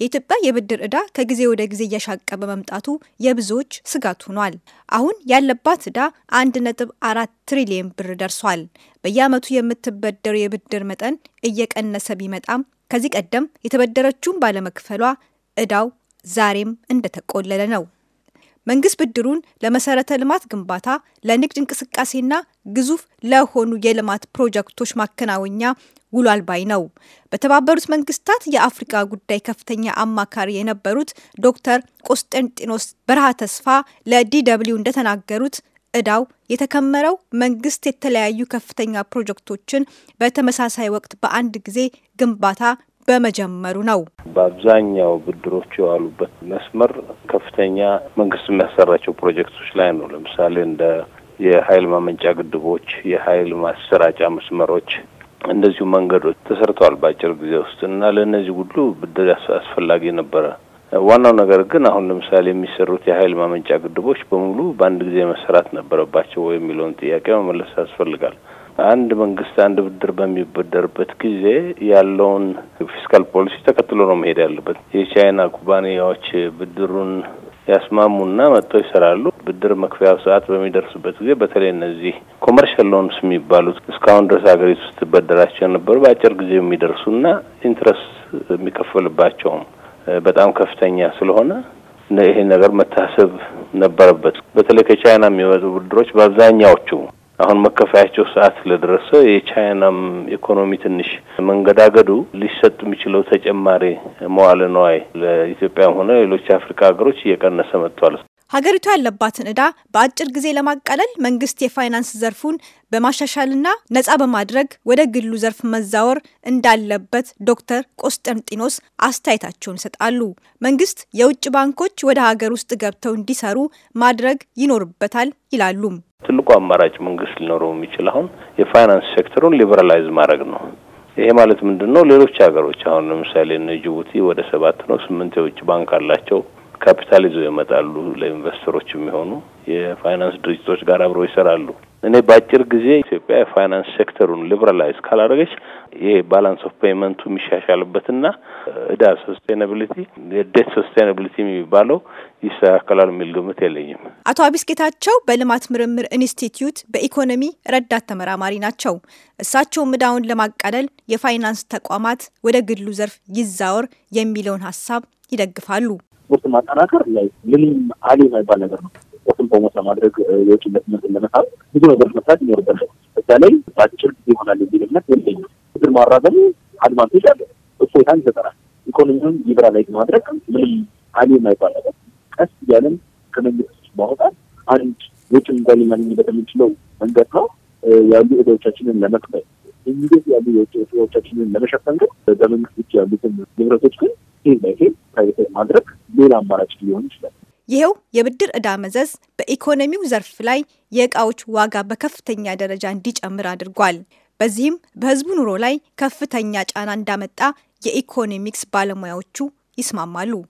የኢትዮጵያ የብድር ዕዳ ከጊዜ ወደ ጊዜ እያሻቀ በመምጣቱ የብዙዎች ስጋት ሆኗል። አሁን ያለባት ዕዳ አንድ ነጥብ አራት ትሪሊየን ብር ደርሷል። በየዓመቱ የምትበደሩ የብድር መጠን እየቀነሰ ቢመጣም ከዚህ ቀደም የተበደረችውን ባለመክፈሏ ዕዳው ዛሬም እንደተቆለለ ነው። መንግስት ብድሩን ለመሰረተ ልማት ግንባታ፣ ለንግድ እንቅስቃሴና ግዙፍ ለሆኑ የልማት ፕሮጀክቶች ማከናወኛ ውሏል ባይ ነው። በተባበሩት መንግስታት የአፍሪካ ጉዳይ ከፍተኛ አማካሪ የነበሩት ዶክተር ቆስጠንጢኖስ በረሃ ተስፋ ለዲደብሊው እንደተናገሩት እዳው የተከመረው መንግስት የተለያዩ ከፍተኛ ፕሮጀክቶችን በተመሳሳይ ወቅት በአንድ ጊዜ ግንባታ በመጀመሩ ነው። በአብዛኛው ብድሮች የዋሉበት መስመር ከፍተኛ መንግስት የሚያሰራቸው ፕሮጀክቶች ላይ ነው። ለምሳሌ እንደ የኃይል ማመንጫ ግድቦች፣ የኃይል ማሰራጫ መስመሮች እንደዚሁ መንገዶች ተሰርተዋል በአጭር ጊዜ ውስጥ እና ለእነዚህ ሁሉ ብድር አስፈላጊ ነበረ። ዋናው ነገር ግን አሁን ለምሳሌ የሚሰሩት የኃይል ማመንጫ ግድቦች በሙሉ በአንድ ጊዜ መሰራት ነበረባቸው ወይ የሚለውን ጥያቄ መመለስ ያስፈልጋል። አንድ መንግስት አንድ ብድር በሚበደርበት ጊዜ ያለውን ፊስካል ፖሊሲ ተከትሎ ነው መሄድ ያለበት። የቻይና ኩባንያዎች ብድሩን ያስማሙና መጥተው ይሰራሉ። ብድር መክፈያው ሰዓት በሚደርስበት ጊዜ በተለይ እነዚህ ኮመርሻል ሎንስ የሚባሉት እስካሁን ድረስ ሀገሪቱ ስትበደራቸው የነበሩ በአጭር ጊዜ የሚደርሱና ኢንትረስት የሚከፈልባቸውም በጣም ከፍተኛ ስለሆነ ይሄ ነገር መታሰብ ነበረበት። በተለይ ከቻይና የሚመጡ ብድሮች በአብዛኛዎቹ አሁን መከፈያቸው ሰዓት ስለደረሰ የቻይናም ኢኮኖሚ ትንሽ መንገዳገዱ ሊሰጥ የሚችለው ተጨማሪ መዋለ ነዋይ ለኢትዮጵያም ሆነ ሌሎች የአፍሪካ ሀገሮች እየቀነሰ መጥቷል። ሀገሪቱ ያለባትን ዕዳ በአጭር ጊዜ ለማቃለል መንግስት የፋይናንስ ዘርፉን በማሻሻልና ነጻ በማድረግ ወደ ግሉ ዘርፍ መዛወር እንዳለበት ዶክተር ቆስጠንጢኖስ አስተያየታቸውን ይሰጣሉ። መንግስት የውጭ ባንኮች ወደ ሀገር ውስጥ ገብተው እንዲሰሩ ማድረግ ይኖርበታል ይላሉም። ትልቁ አማራጭ መንግስት ሊኖረው የሚችል አሁን የፋይናንስ ሴክተሩን ሊበራላይዝ ማድረግ ነው። ይሄ ማለት ምንድን ነው? ሌሎች ሀገሮች አሁን ለምሳሌ እነ ጅቡቲ ወደ ሰባት ነው ስምንት የውጭ ባንክ አላቸው። ካፒታል ይዘው ይመጣሉ። ለኢንቨስተሮች የሚሆኑ የፋይናንስ ድርጅቶች ጋር አብረው ይሰራሉ። እኔ በአጭር ጊዜ ኢትዮጵያ የፋይናንስ ሴክተሩን ሊብራላይዝ ካላደረገች ይሄ ባላንስ ኦፍ ፔይመንቱ የሚሻሻልበትና እዳ ሶስቴናብሊቲ የዴት ሶስቴናብሊቲ የሚባለው ይስተካከላል የሚል ግምት የለኝም። አቶ አቢስ ጌታቸው በልማት ምርምር ኢንስቲትዩት በኢኮኖሚ ረዳት ተመራማሪ ናቸው። እሳቸውም እዳውን ለማቃለል የፋይናንስ ተቋማት ወደ ግሉ ዘርፍ ይዛወር የሚለውን ሀሳብ ይደግፋሉ። ስፖርት ማጠናከር ላይ ምንም አሊ የማይባል ነገር ነው። ስፖርትን ፕሮሞት ለማድረግ የውጭ ኢንቨስትመንትን ለመሳብ ብዙ ነገሮች መስራት ይኖርበታል። እዛ ላይ በአጭር ጊዜ ይሆናል የሚል እምነት የለኝ። እግር ማራዘም አድቫንቴጅ አለ፣ እፎይታን ይሰጠናል። ኢኮኖሚውን ሊበራላይዝ ማድረግ ምንም አሊ የማይባል ነገር፣ ቀስ እያለን ከመንግስት ማውጣት አንድ የውጭ ምንዛሪ ማግኘት የምንችለው መንገድ ነው ያሉ እዳዎቻችንን ለመክፈል እንዴት ያሉ የውጭ ወጪዎቻችንን ለመሸፈን ግን በመንግስት ውጭ ያሉትን ንብረቶች ግን ይህ ይሄ ፕራይቬት ማድረግ ሌላ አማራጭ ሊሆን ይችላል። ይኸው የብድር ዕዳ መዘዝ በኢኮኖሚው ዘርፍ ላይ የእቃዎች ዋጋ በከፍተኛ ደረጃ እንዲጨምር አድርጓል። በዚህም በህዝቡ ኑሮ ላይ ከፍተኛ ጫና እንዳመጣ የኢኮኖሚክስ ባለሙያዎቹ ይስማማሉ።